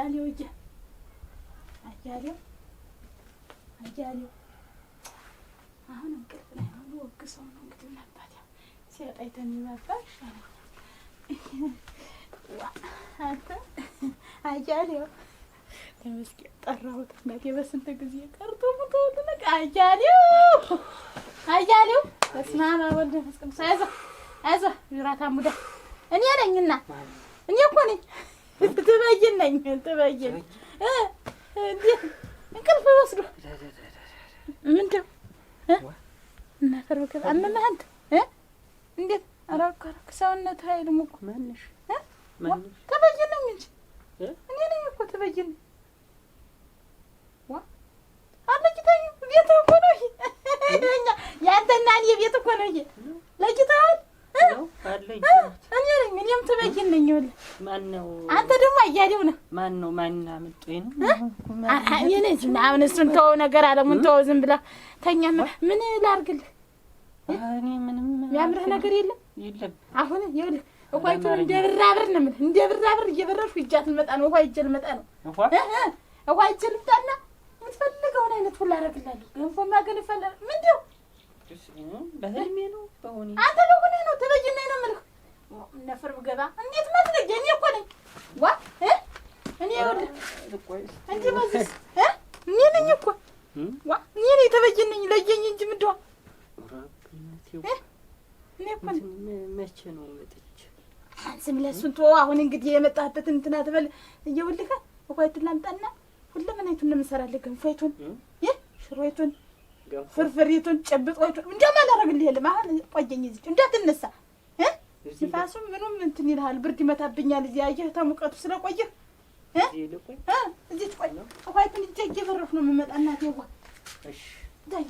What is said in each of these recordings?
አያሌው እጄ አያሌው አያሌው አሁን እንቅልፍ ላይ ነው። ወግ ነው እንግዲህ ምናባት ያው ሲያጣይ ተሚባባል አንተ አያሌው ተመስገ ጠራሁት። እናቴ በስንት ጊዜ ቀርቶ ሙቶት ለቅ አያሌው አያሌው በስመ አብ ወወልድ ወመንፈስ ቅዱስ አይዞህ አይዞህ ራታ ሙዳ እኔ ነኝና እኔ እኮ ነኝ ትበይነኝ ትበይን እንቅልፍ ወስዶ ምንድን እናፈር በከ አመመህ እንዴት አራኩ አራኩ ሰውነት ኃይል እኮ ማንሽ ትበይነኝ እንጂ እኔ ነኝ እኮ ትበይነኝ አለጅታኝ ቤት እኮ ነው ይሄ ያንተና እኔ ቤት እኮ ነው ይሄ ለጅታውን አለኝ እማዬን ነኝ። ይኸውልህ ማነው? አንተ ደግሞ አያሌው ነህ። ማነው? ማነው አመጡኝ ነው። አሁን እሱን ተወው፣ ነገር አለሙን ተወው። ዝም ብላ ተኛ። ምን ላድርግልህ? የሚያምርህ ነገር የለም የለም። አሁን ይኸውልህ እኮይቱ እንደ ብር ነው የምልህ፣ እንደ ብር አብር ይጃት ልመጣ ነው። እኮ ይጄ ልመጣ ነው። እኮ ይጄ ልምጣና የምትፈልገውን አይነት ሁሉ አደርግልሃለሁ። ገንፎማ ግን ይፈለ ምንድን ነው አንተ በሆነ ነው ተበይነኝ ነው የምልህ ነፍር ብገባ እንዴት መትነጅ? እኔ እኮ ነኝ ዋ እኔ እንዲ መዝስ እኔ ነኝ እኮ ዋ እኔ ነኝ የተበየነኝ ለየኝ እንጂ ምድዋ እኔ መቼ ነው መጥቼ አንስም ለእሱን ተወው። አሁን እንግዲህ የመጣህበትን እንትና ትበል እየውልህ እኳይቱን ላምጣና ሁለመናይቱን እንምሰራለን። ገንፎይቱን፣ ሽሮይቱን፣ ፍርፍሪቱን፣ ጨብጦይቱን እንዲያውም የለም። አሁን ቆየኝ እዚህ እንዳትነሳ ንፋሱም ምኑም እንትን ይልሃል። ብርድ ይመታብኛል። እዚህ አየህ ተሙቀቱ ስለቆየህ እዚህ ትቆይ። እኳይቱን እጃ እየበረፍ ነው የምመጣ እናቴ ዋ ዳኛ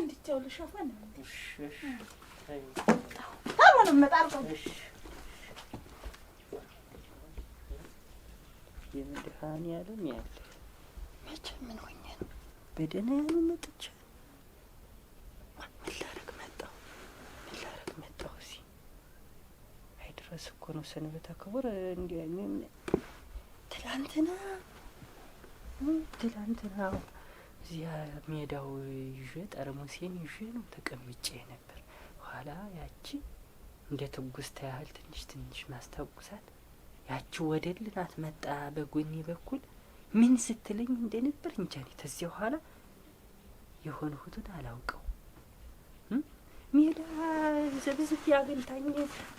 እንዲቻው ልሸፈን ታሞ ነው የምመጣ አልቆ ያለም ያለ መቼ ምን ሆኜ ነው በደህና ያሉ መጥቻለሁ ድረስ እኮ ነው ሰንበታ ክቡር ትላንትና ትላንትና እዚያ ሜዳው ይዤ ጠርሙሴን ይዤ ነው ተቀምጬ ነበር። ኋላ ያቺ እንደ ትጉስታ ያህል ትንሽ ትንሽ ማስታውቁሳት ያቺ ወደ ልናት መጣ በጎኔ በኩል ምን ስትለኝ እንደነበር እንጃ እኔ ተዚያ ኋላ የሆንሁትን አላውቀው ሜዳ ዘብዝት ያገኝታኝ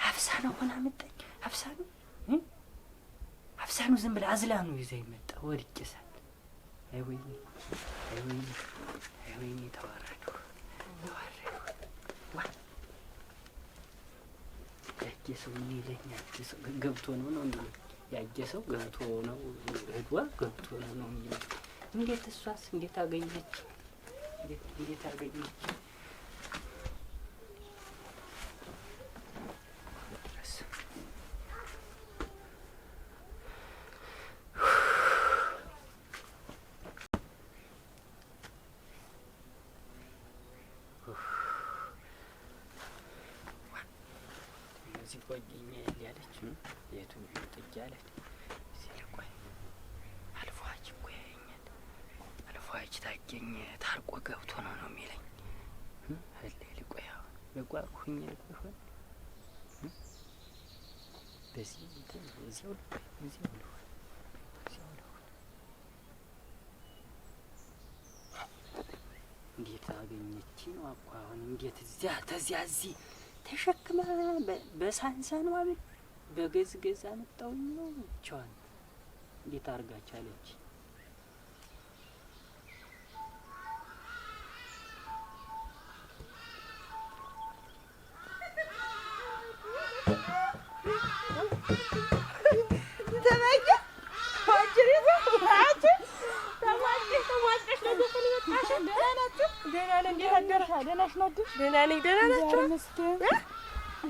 አብሳ ነው ሆና መጣኝ። አብሳ ነው አብሳ ነው ዝም ብላ አዝላ ነው ይዛ ይመጣ ወድቄ ሳል አይወይኔ አይወይኔ አይወይኔ ተዋረዱ ተዋረዱ ዋ ያየ ሰው እኔ ለኛ ሰው ገብቶ ነው ነው እንዴ ሰው ገብቶ ነው እህቷ ገብቶ ነው ነው እንዴት እሷስ እንዴት አገኘች እንዴት አገኘች እንዴት አገኘች ነው እኮ አሁን እንዴት እዚያ ተዚያ እዚህ በገዝገዝ አመጣውኝ ነው ብቻዋን እንዴት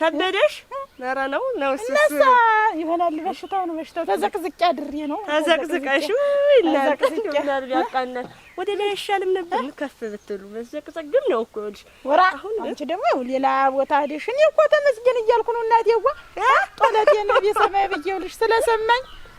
ከበደሽ ኧረ ነው ነው እሱስ ይሆናል። በሽታው ነው በሽታው። ተዘቅዝቄ አድሬ ነው ተዘቅዝቀሽ ይላል ያቃናል። ወደ ላይ አይሻልም ነበር ከፍ ብትሉ። መዘቅዘቅ ነው እኮ ልጅ ወራ አሁን አንቺ ደግሞ ሌላ ቦታ ሄደሽ እኔ እኮ ተመስገን እያልኩ ነው እናቴዋ ጦለቴ ነው ቤተሰብ ብዬ ይኸውልሽ ስለሰማኝ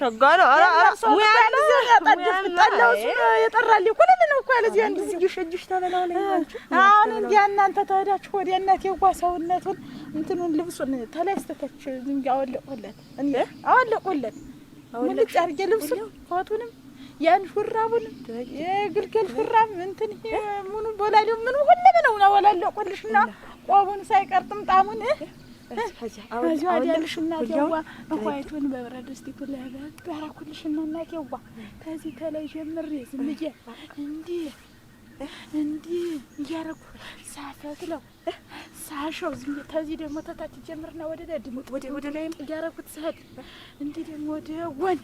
ሰው ሸጋለ የጠራልኝ ኩልል ነው እኮ ያለዚህ አንድ እጅሽ ሸጅሽ ተበላው ላይ አሁን እንዲያ እናንተ ተሄዳችሁ ወዲያ እናቴ ዋ ሰውነቱን እንትኑን ልብሱን ተላይ ስተተች ዝንጋ አወለቁለት አወለቁለት ሙልጭ አድርጌ ልብሱን ፎቱንም ያን ሹራቡን የግልገል ሹራብ እንትን ምኑ ቦላሌው ምኑ ሁሉም ነው አወላለቁልሽ እና ቆቡን ሳይቀርጥም ጣሙን በዚሁ አዳርሽ እናቴዋ እኳይቱን በብረት ድስቲቱ ለበብ አደረኩልሽና እናቴዋ ከዚህ ከላይ ጀምሬ ዝም ብዬ እንዲህ እንዲህ እያረኩ ሳፈትለው ሳሸው ዝም ብዬ ከዚህ ደግሞ ተታች ጀምርና ወደ ላይ ድምጥ ወደ ላይ እያረኩት ስሄድ እንዲህ ደግሞ ወደ ወን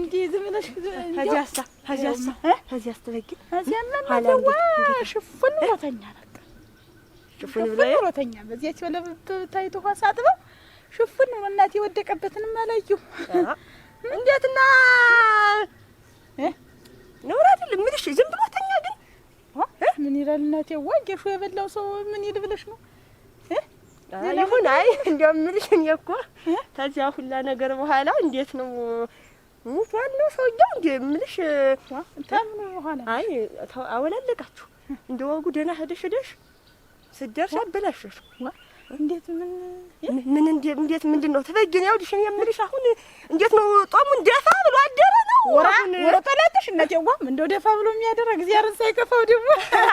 እንዲህ ዝም ብለሽ ከዚያ አስተበጊ ከዚያ ሽፉን ቦተኛ ነው ሽፍን ብሎ ተኛ። በዚያች በለብታይቱ ውሃ ሳጥበው ሽፍን ብሎ እናቴ የወደቀበትንም አላየሁ። እንዴትና ንብረት ልምልሽ ዝም ብሎ ተኛ። ግን ምን ይላል እናቴ? ዋ ጌሾ የበላው ሰው ምን ይል ብለሽ ነው? ይሁን አይ እንዲያው የምልሽ እኔ እኮ ከዚያ ሁላ ነገር በኋላ እንዴት ነው ሙቷል ነው ሰውዬው እንዴ የምልሽ ታምኑ በኋላ አይ አወላለቃችሁ እንደ ወጉ ደህና ሄደሽ ሄደሽ ስትደርሺ አበላሸሽ። እንዴት ምን ምን እንዴት ምንድን ነው ትበይኝ? ይኸውልሽ እኔ የምልሽ አሁን እንዴት ነው ጦሙን ደፋ ብሎ አደረ ነው ወራ ወራ ጠላትሽ እናቴ ጓም እንደው ደፋ ብሎ የሚያደረ እግዚአብሔር ሳይከፋው ደግሞ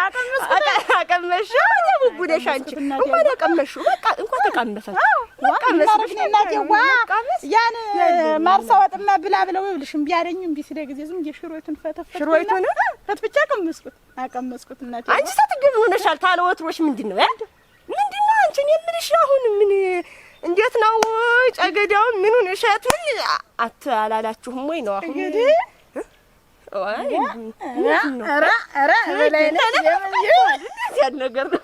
አቀመሽ አቀመሽ ነው ጉዴሽ አንቺ እንኳን አቀመሽ በቃ እንኳን ተቀመሰ ያን ማርሳ ወጥማ ብላ ብለው ይኸውልሽ እምቢ አለኝ። እምቢ ስለ ጊዜ ዝም ብዬሽ ሽሮቱን ፈተፈት ሽሮቱን ፈትፍቻ ቀመስኩት አቀመስኩት። እናቴ አንቺ ስትይ ሆነሻል። ታለ ወትሮሽ ምንድን ነው ምንድን ነው? አንቺ የምልሽ አሁን ምን እንዴት ነው ጨገዳው? ምን ሆነሻት? ምን አት አላላችሁም ወይ ነው አሁን እንግዲህ ኧረ ነገር ነው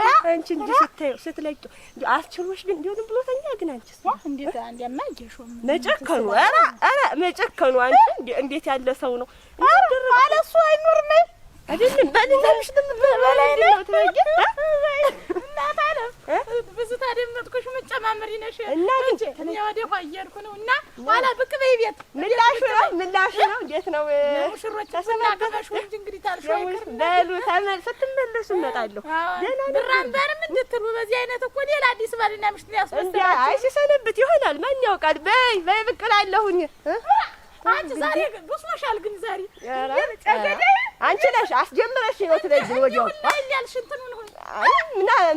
አንቺ እንዲህ ስታየው ስትለቂው እንዲህ አስችሎሽ ግን እንዲሆንም ብሎተኛ ግን አንቺስ እንዴት አንዲያማ አየሽው መጨከኑ ኧረ ኧረ መጨከኑ አንቺ እንዴት ያለ ሰው ነው አለ እሱ አይኖርም አይደለም በልናሽ በላይ ነው ትበጊ ብዙ ታደመጥኩሽ የምትጨማምሪ ነሽ እና እኔ ወደ ኋላ እየሄድኩ ነው እና ኋላ ብቅ በይ ቤት ምላሹ ነው ምላሹ ነው። እንዴት ነው ሙሽሮች ተሰናገበሽ እንጂ እንግዲህ ታልሽ አይቀር በሉ ስትመለሱ እመጣለሁ። ብራምበርም እንድትሉ በዚህ አይነት እኮ ሌላ አዲስ ባልና ምሽት ያስመስላል። አይ ሲሰነብት ይሆናል ማን ያውቃል። በይ በይ ብቅ እላለሁኝ። አንቺ ዛሬ ብሶሻል ግን ዛሬ አንቺ ነሽ አስጀምረሽ ነው ትለጅ ወዲያው ያልሽ እንትኑን ሆነ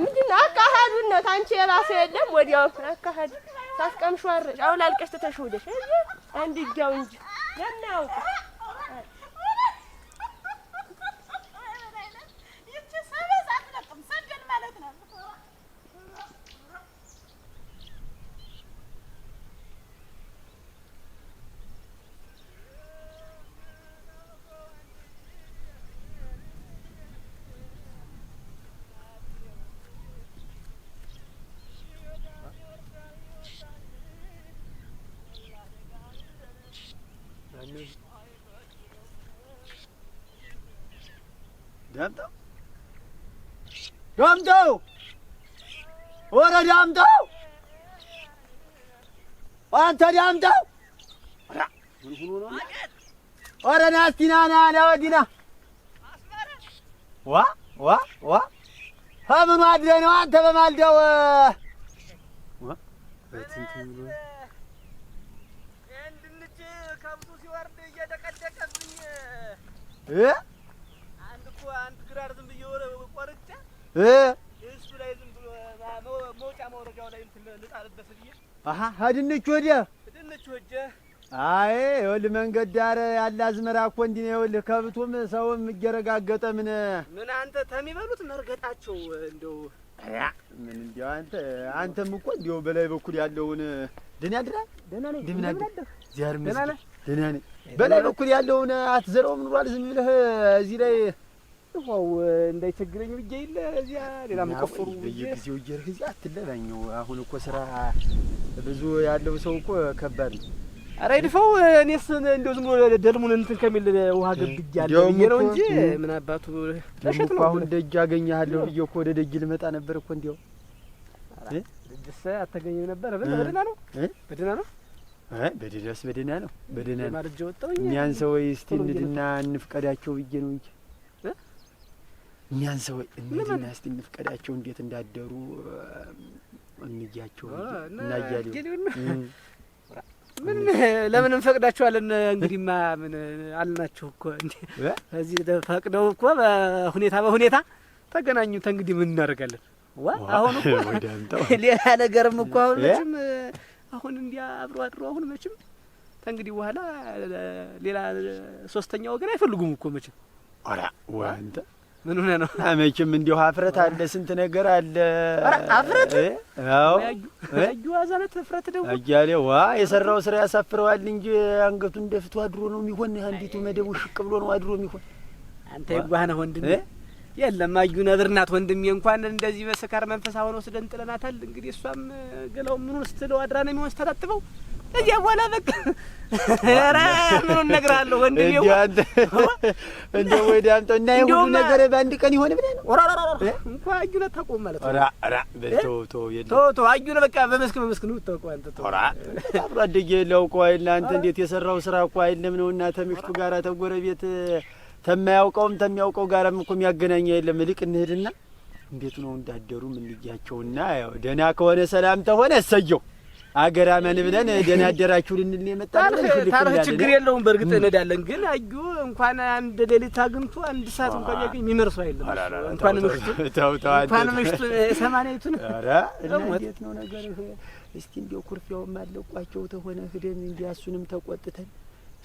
ምንድን ነው አካሄዱን ነው ታንቺ የራሱ የለም። ወዲያው አካሄድ ሳስቀምሿር አሁን አልቀሽ ተተሽ ሄደሽ አንድ እጃው እንጂ ለምን አያውቅም ዳምጠው ወረ ዳምጠው አንተ ዳምጠው ወረ ናስቲና ና ና ዋ ዋ ዋ ከምኑ አድረህ ነው አንተ በማልደው ሲወርድ እየደቀደቀብኝ አንድ እኮ አንድ ግራር ዝም ድንች ወዲያ ድንች ወዲያ አይ ይኸውልህ መንገድ ዳር ያለ አዝመራ እኮ እንዲህ ነው። ይኸውልህ ከብቱም ሰውም እየረጋገጠ ምን ምን አንተ ተሚበሉት መርገጣቸው እንደው ምን እንዲያው አንተ አንተም እኮ እንዲያው በላይ በኩል ያለውን ደህና ያድራል። ደህና ነኝ። ደህና ነኝ። በላይ በኩል ያለውን አትዘረውም ኑሯል። ዝም ብለህ እዚህ ላይ ውሃው እንዳይቸግረኝ ብዬ የለ እዚያ ሌላ መቆፈሩ በየጊዜው እየሄድክ እዚያ አትለባኘው። አሁን እኮ ስራ ብዙ ያለው ሰው እኮ ከባድ ነው። ኧረ ይድፈው። እኔስ እንደው ዝም ብሎ ደልሙን እንትን ከሚል ውሃ ገብጃለሁ ብዬ ነው እንጂ ምን አባቱ እሸት ነው። አሁን ደጅ አገኘሃለሁ ብዬ እኮ ወደ ደጅ ልመጣ ነበር እኮ እንዲያው ደስ አታገኝም ነበር። በደህና ነው፣ በደህና ነው፣ በደህናስ በደህና ነው፣ በደህና ነው። እኛን ሰዎች እስቲ እንድና እንፍቀዳቸው ብዬ ነው እንጂ እኛን ሰው እንድና እስቲ እንፍቀዳቸው እንዴት እንዳደሩ እንያቸው እናያለን። ምን ለምን እንፈቅዳቸዋለን? እንግዲህማ ምን አልናችሁ እኮ እዚህ ፈቅደው እኮ በሁኔታ በሁኔታ ተገናኙ። እንግዲህ ምን እናደርጋለን? ዋ አሁን እኮ ሌላ ነገርም እኮ አሁን መቼም አሁን እንዲያ አብሮ አድሮ አሁን መቼም ከእንግዲህ በኋላ ሌላ ሶስተኛ ወገን አይፈልጉም እኮ መቼም ኧረ ዋ አንተ ምን ሆነ ነው? መቼም እንዲሁ አፍረት አለ፣ ስንት ነገር አለ። አፍረት አዎ፣ እጁ አዛለት እፍረት ደግሞ አያሌ ዋ የሰራው ስራ ያሳፍረዋል እንጂ አንገቱ ደፍቶ አድሮ ነው የሚሆን። አንዲቱ መደቡ ሽቅ ብሎ ነው አድሮ የሚሆን። አንተ ይጓህ ነው ወንድሜ። የለም አዩ ነብር ናት ወንድሜ። እንኳን እንደዚህ በስካር መንፈስ አሁን ወስደን ጥለናታል። እንግዲህ እሷም ገላው ምኑን ስትለው አድራ ነው የሚሆን ስታጣጥበው እዚያ በኋላ በቃ ኧረ እነግርሃለሁ ወንድሜ። እንደው እና ይሄ ሁሉ ነገር በአንድ ቀን ይሆን ብለህ ነው? እንኳን አዩን አታውቀውም ማለት ነው። ተው ተው ተው ተው አዩን በቃ በመስክ በመስክ ነው የምታውቀው አንተ። ተው አብሮ አደጌ አንተ እንዴት የሰራው ስራ እኮ አይደለም ነው እና ጋራ ተጎረቤት ተማያውቀውም ተሚያውቀው ጋራም እኮ የሚያገናኝ የለም። እንሂድና እንዴት ነው እንዳደሩ ምን ልያቸውና ያው ደህና ከሆነ ሰላም ተሆነ እሰየው አገራ መን ብለን ደህና አደራችሁ ልንል የመጣ ታርህ ችግር የለውም። በእርግጥ እንሄዳለን፣ ግን አዩ እንኳን አንድ ሌሊት አግኝቶ አንድ ሰዓት እንኳን ያገኝ የሚመርሱ አይደለም። እንኳን ምሽቱ እንኳን ምሽቱ ሰማንያቱን እንዴት ነው ነገር? እስቲ እንዲያው ኩርፊያውም አለቋቸው ተሆነ ሂደን እንዲያ እሱንም ተቆጥተን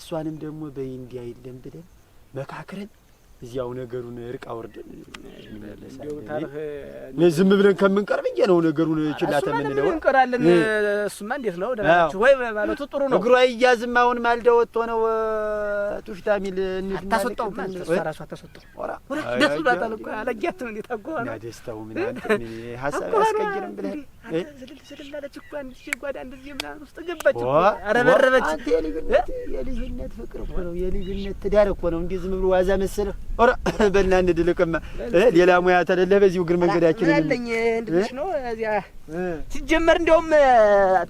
እሷንም ደግሞ በይ እንዲያ የለም ብለን መካክረን እዚያው ነገሩን እርቅ አውርደን እንመለሳለን። ዝም ብለን ከምንቀርብ እየ ነው ነገሩን ችላተ የምንለው እንቀራለን። እሱማ እንዴት ነው ደናችሁ ወይ ማለቱ ጥሩ ነው። እግሯ እያዝም አሁን ማልደ ወጥቶ ነው ቱሽታ ሚል ደስ ብሏታል እኮ አለጊያት ነው ደስታው ምን ሀሳብ ብለህ ዝልል ዝልል አለች እኮ አንድ ጓዳ እንደዚህ ምናምን ውስጥ ገባች አረበረበች። የልዩነት ፍቅር እኮ ነው የልዩነት ትዳር እኮ ነው እንዲህ ዝም ብሎ ዋዛ መሰለህ ኧረ በእናትህ ድልቅማ ሌላ ሙያ ተለለህ በዚሁ እግር መንገዳችን አለኝ እንድልሽ ነው። እዚያ ሲጀመር እንዲያውም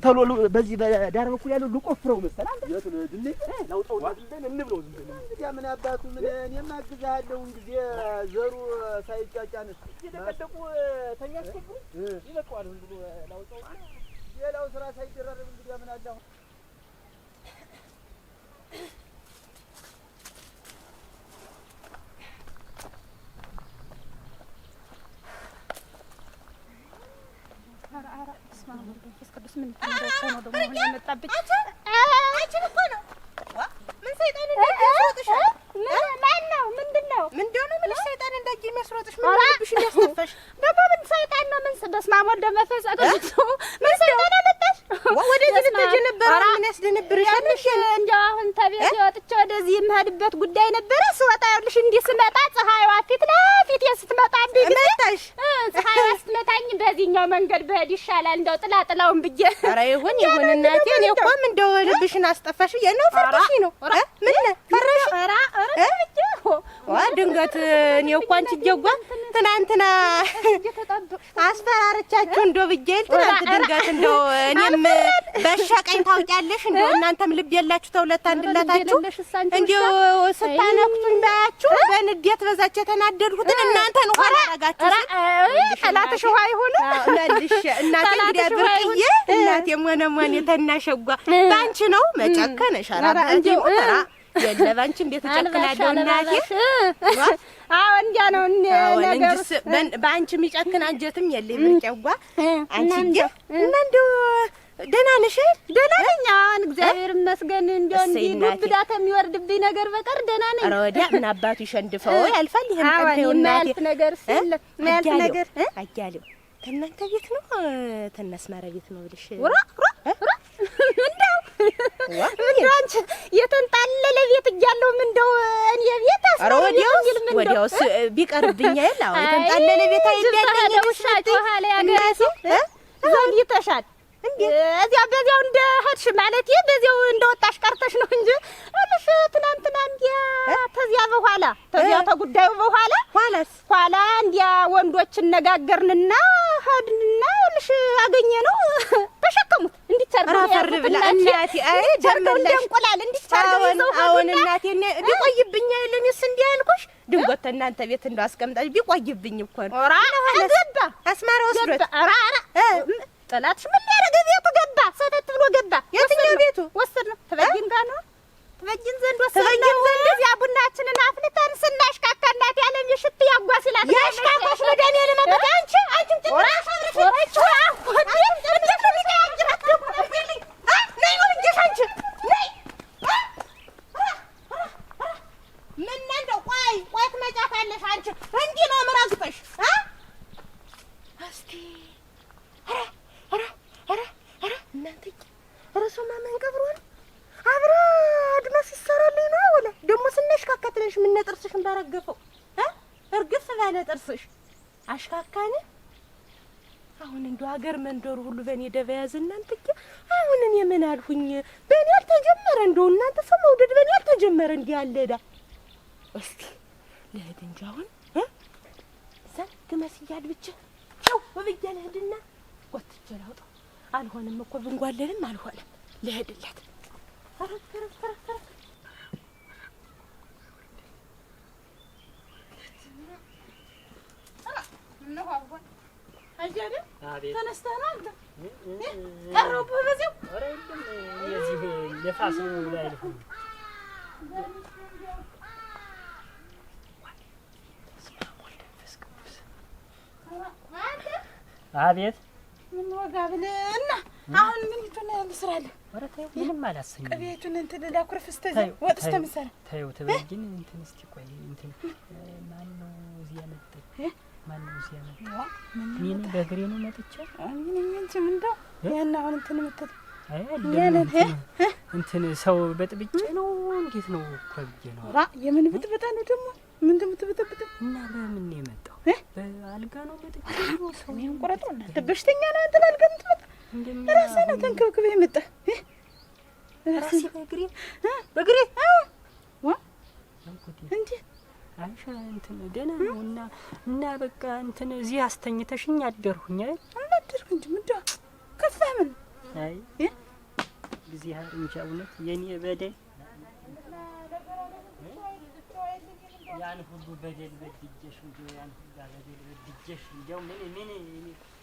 ተሎ በዚህ በዳር በኩል ያለው ልቆፍረው መሰለህ አንተ ነው እንብለው ምን አባቱ ምን ዘሩ ይለቀዋል ስራ እንግዲህ ቅዱስ ምን ነው? አንቺ ጀጓ ትናንትና አስፈራረቻችሁ እንዶ ብዬሽ ትናንት ድንገት እንዶ እኔም በሻቀኝ ታውቂያለሽ። እንዶ እናንተም ልብ የላችሁ ተውለት አንድላታችሁ እንዲ ስታነኩቱኝ ባያችሁ በንዴት በዛች የተናደድኩትን እናንተን ውኋ ላረጋችሁ ጠላትሽ ውኋ ይሁን መልሽ እናቴ እንግዲያ ብርቅዬ እናቴ ሞነ ሞነሞን የተናሸጓ በአንቺ ነው መጨከነሻራ እንዲ ተራ የለም አንቺም ቤት እጨክናለሁ እናቴ። አዎ እንጃ ነው ነገሩ። በአንቺ የሚጨክን አንጀትም የለኝ። ምርጫዋ አንቺ እንጂ እና እንደው ደህና ነሽ? ደህና ነኝ። አሁን እግዚአብሔር ይመስገን። እንደው እንዲህ ዱብዳ ከሚወርድብኝ ነገር በቀር ደህና ነኝ። ኧረ ወዲያ ምን አባቱ ይሸንድፈው ያልፋል። ይሄን ቀደው እናቴ። የማያልፍ ነገር የለም የማያልፍ ነገር አያሌው ከእናንተ ቤት ነው ተነስ ማረ ቤት ነው ብለሽ እንደው አንቺ የተንጣለለ ቤት እያለሁም እንደው እኔ ቤት ወዲያውስ ቢቀርብኝ አይደል? የተንጣለለ ቤት ይተሻል። እዚያ በዚያው እንደ ሄድሽ ማለት በዚያው እንደ ወጣሽ ቀርተሽ ነው እንጂ እልሽ ትናንትና እንዲያ ተዚያ በኋላ ተዚያ ተጉዳዩ በኋላ ኋላስ ኋላ እንዲያ ወንዶች እነጋገርንና ሄድንና እልሽ አገኘ ነው ተሸከሙት እንዲህ ድንጎት እናንተ ቤት እንደው አስቀምጣች ቢቆይብኝ እኮ ነው። ገባ አስማራ ወስዶት ጥላትሽ ምን ሊያደርግ ቤቱ ገባ፣ ሰተት ብሎ ገባ። የትኛው ቤቱ ወሰድ ነው? ተበጊን ትበይን ዘንድ ወሰነው እዚያ ቡናችንን አፍልተን ስናሽካካ እናቴ ያለኝ ሽት ያሽካካሽ አንቺ እናንተ ሆነ ደግሞ ስናሽካካትለሽ ምነው ጥርስሽን በረገፈው እርግፍ ባለ ጥርስሽ አሽካካን። አሁን እንዶ ሀገር መንደሩ ሁሉ በእኔ ደባ ያዝ እናንተ አሁን እኔ ምን አልሁኝ? በእኔ አልተጀመረ እንደው እናንተ ሰው መውደድ በእኔ አልተጀመረ እንዲህ ያለ ዕዳ። እስኪ ልሂድ እንጂ አሁን እዛ ግመስ እያድ ብቻ ው ብዬ ልሂድና ጎትቼ ላውጣው። አልሆነም እኮ ብንጓለልም አልሆነም። ልሂድላት አለሁ። አቤት ምን ወጋ ብለና አሁን ምን ይቱን ልስራለሁ? ኧረ ተይው፣ ምንም አላሰኝም። ቅቤቱን እንትን ላኩርፍ እስከዚያ ወጥ እስከምሰራ ተይው ተበይ ግን እንትን እስኪ ቆይ እንትን ማነው እዚህ ያመጣኝ ማንም ሲያመጣ ምን በእግሬ ነው መጥቼ እንደው ያን አሁን እንትን የምትል እንትን ሰው በጥብጬ ነው እንዴት ነው እኮ ብዬሽ ነው። የምን ብጥብጣ ነው ደግሞ? ምን እንደምትበጠብጥ እና በምን ነው የመጣው? በአልጋ ነው በጥቼ ነው ሰው ያንቆረጠው። እናንተ በሽተኛ ነህ አንተ ለአልጋ የምትመጣ ራስህ ነው ተንከብክበህ የመጣህ። ራስህ በእግሬ በእግሬ እንዴት አይሻ እንትን ደህና ነው እና እና በቃ እንትን እዚህ አስተኝተሽኝ አደርሁኝ አይደል? አላደርኩ እንጂ ምንዳ ከፋ ምን አይ እግዚአብሔር እንጃ እውነት የኔ በደል ያን ሁሉ በደል በድጀሽ እንጂ ያን ሁሉ በደል በድጀሽ እንዲያው ምን ምን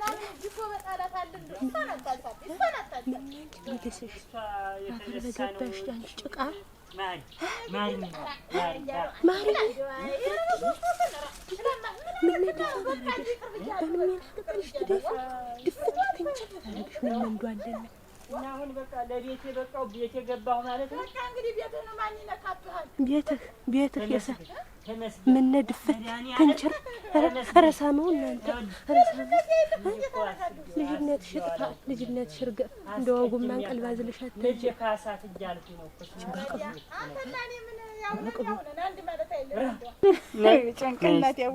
በገባሽ አንቺ ጭቃ ማሪ እና አሁን በቃ ለቤቴ በቃው ቤቴ ገባሁ ማለት ነው። በቃ እንግዲህ ቤትህ ነው ማን ይነካብሃል? ቤትህ ቤትህ የሰ ምን ድፍት ክንችር ረሳመው እናንተ ልጅነት ሽጥፋ ልጅነት ሽርገ እንደ ወጉም ማንቀል ባዝልሻት ካሳት እያልኩ ነው ጭንቅላት ያው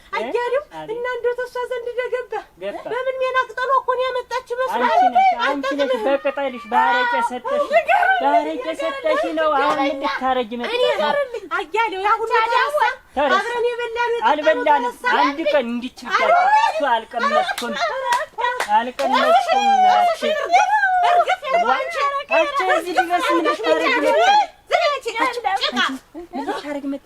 አያሌው እና እንደው ተሷ ዘንድ ደገባ በምን ሜና ቅጠሏ እኮ ነው ያመጣችው። መስሎኝ አንቺ ነሽ በቅጠልሽ ባረቄ ሰጠሽ ባረቄ ሰጠሽ ነው አሁን እንድታረጅ መጣ። አያሌው ያሁን አብረን የበላነው አልበላንም። አንድ ቀን እንዲች ብቻ አልቀመስኩም አልቀመስኩም አንቺ እዚህ ድረስ ምን ታረጊ መጣ? ምን ታረጊ መጣ?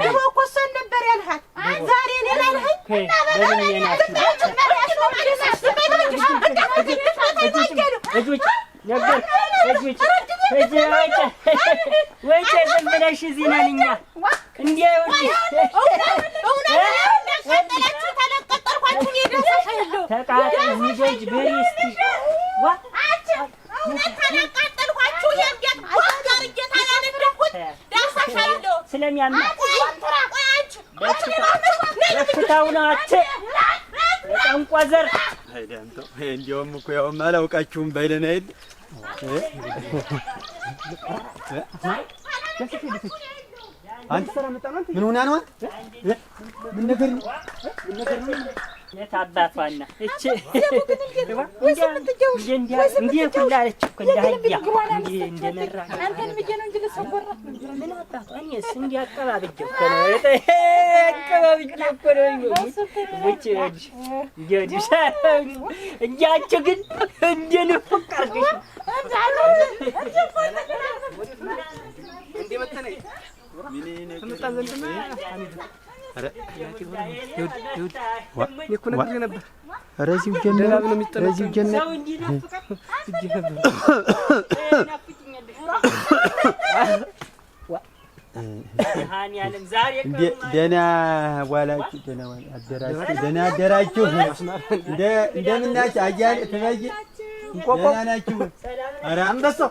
ይኸው እኮ እሷን ነበር ያልሀት። ዛሬ እኔን አልኸኝ እና በጣም ስለሚያምናት በሽታው ነው። አች የጠንቋ ዘር እንዲያውም እኮ ያውም አላውቃችሁም ባይለን አይደል አንተ ምን ሆና ነው? ምን ነገር ነው? ምን ነገር ነው? የት አባቷ እና እቺ ግን ነበር ረዚው ደህና ዋላችሁ፣ ደህና አደራችሁ፣ ደህና አደራችሁ። እንደምናችሁ አያሌ ትበይ፣ ደህና ናችሁ? ኧረ አንበሳው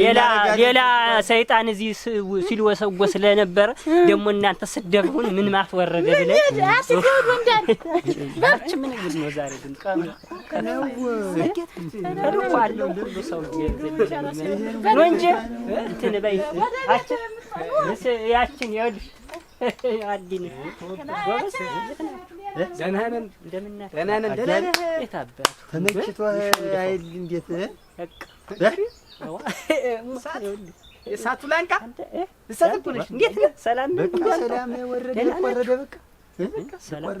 ሌላ ሌላ ሰይጣን እዚህ ሲልወሰወስ ስለነበረ ደግሞ እናንተ ስደብሁን ምን ማስወረደ ብለ ምን እሳቱ ላንቃ እሳቱ ነሽ። እንዴት ነህ? ሰላም ነው። ሰላም ወረደ ወረደ በቃ ሰላም